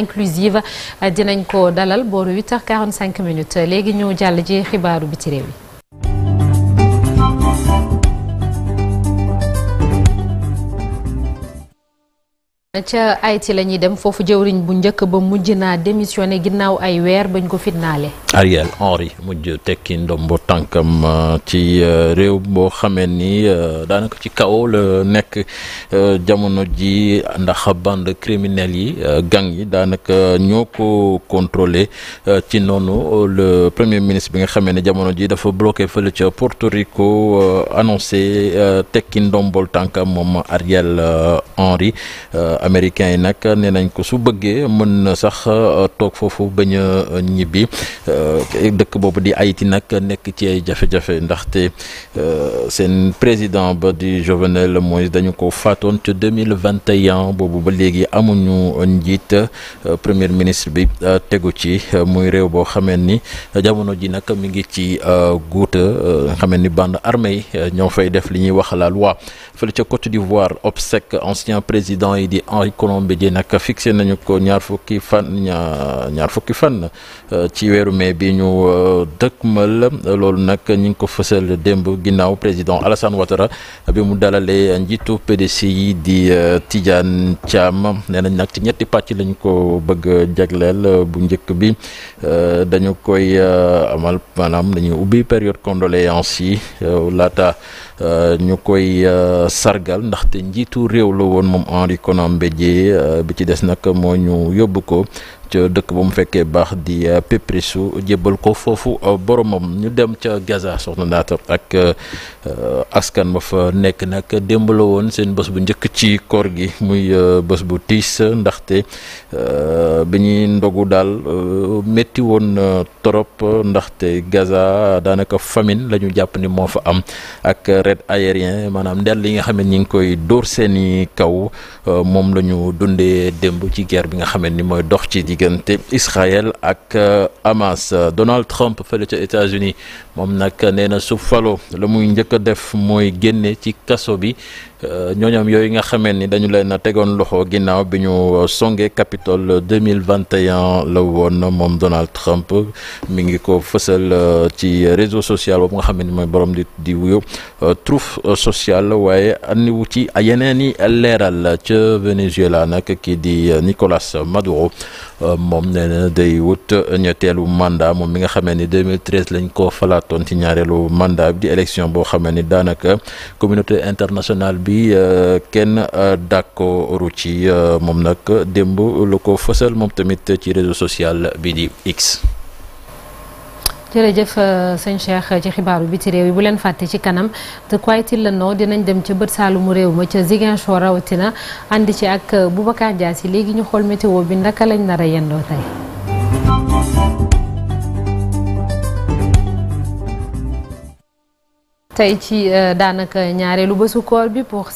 inclusive dinañ ko dalal booru 8h45 minutes léegi ñu jàll ji xibaaru biti réew yi ca Haïti la ñuy dem foofu jëwriñ bu njëkk ba mujj naa démissionné ginnaaw ay weer bañ ko fitnaale. Ariel Henry mujj tekki ndombo tànkam uh, ci uh, réew boo xamee ni uh, daanaka ci kaw la nekk jamono ji ndax band criminelle yi gang yi daanaka ñoo ko contrôlé ci noonu le premier ministre bi nga xamee ne jamono ji dafa bloqué fële ca Porto Rico annoncé tekki ndombol tànkam moom Ariel Henry. américains yi nag nee nañ ko su bëggee mën na sax euh, toog foofu bañ a euh, ñibbi euh, dëkk boobu di Haïti nag nekk ci ay jafe-jafe ndaxte seen président ba di Jovenel Moïse dañu ko faatoon ca 2021 boobu ba léegi amuñu njiit premier ministre bi tegu ci muy réew boo xamee ni jamono ji nag mi ngi ci guuta xamee ni band armée yi ñoo fay def li ñuy wax la loi fële ca Côte d'Ivoire obsèque ancien président yi di Henri Combadé nag fixé nañu ko ñaar fukki fan ñaar fukki fan euh, ci weeru mai bi ñu dëkk euh, dëkkmal loolu nag ñu ngi ko fësal démb ginnaaw président Alassane Ouattara bi mu dalalee njiitu PDC yi di euh, Tidiane Thiam nee nañ nag ci ñetti pàcc lañ ko bëgg jagleel bu njëkk bi dañu koy amal maanaam dañuy ubbi période condoléances yi laata ñu koy sargal ndaxte njiitu réew la woon moom Henri Conan mbéj yi euh, bi ci des nag moo ñu yóbbu ko ca dëkk ba mu fekkee baax di euh, Péprisu jébbal ko foofu euh, boromam ñu dem ca Gaza soxna Ndaata ak euh, askan ba fa nekk nag démb la woon seen bës bu njëkk ci koor gi muy bés bu tiis ndaxte bi ñuy ndogu daal métti woon torop ndaxte Gaza daanaka famine la ñu jàpp ni moo fa am ak raid aérien maanaam ndel yi nga xam ne ñi ngi koy dóor seeni kaw moom lañu dundee démb ci guerre bi nga xam ni mooy dox ci diggante Israël ak euh, Hamas Donald Trump fële ca États-Unis moom nag nee na su falo la muy njëkk a def mooy génne ci kaso bi Euh, ñooñoom yooyu nga xamee ni dañu leen tegoon loxo ginnaaw bi ñu songee Capitole 2021 la woon moom Donald Trump mi ngi ko fësal euh, ci réseau social boobu nga xam ne mooy borom di di wuyu euh, trouve sociale waaye andiwu ci yeneen i leeral ca Venezuela nag kii di Nicolas Maduro moom nee na day wut ñetteelu mandat moom mi nga xamee ni 2013 lañ ko falaatoon ci ñaareelu mandat bi di élection boo xamee ni daanaka communauté internationale bi. bi euh, kenn euh, d'accordu ci euh, moom nag démb lu ko fësal moom tamit ci réseau social bi di X. jërëjëf sëñ Cheikh ci xibaaru bi ci réew yi bu leen fàtte ci kanam te Kwaïtil la noo dinañ dem ca bët saalumu réew ma ca Ziguinchor rawatina ànd ci ak bu Dia si léegi ñu xool météo bi ndaka lañ nar a yendoo tey. tey ci euh, daanaka ñaareelu bésu koor bi pour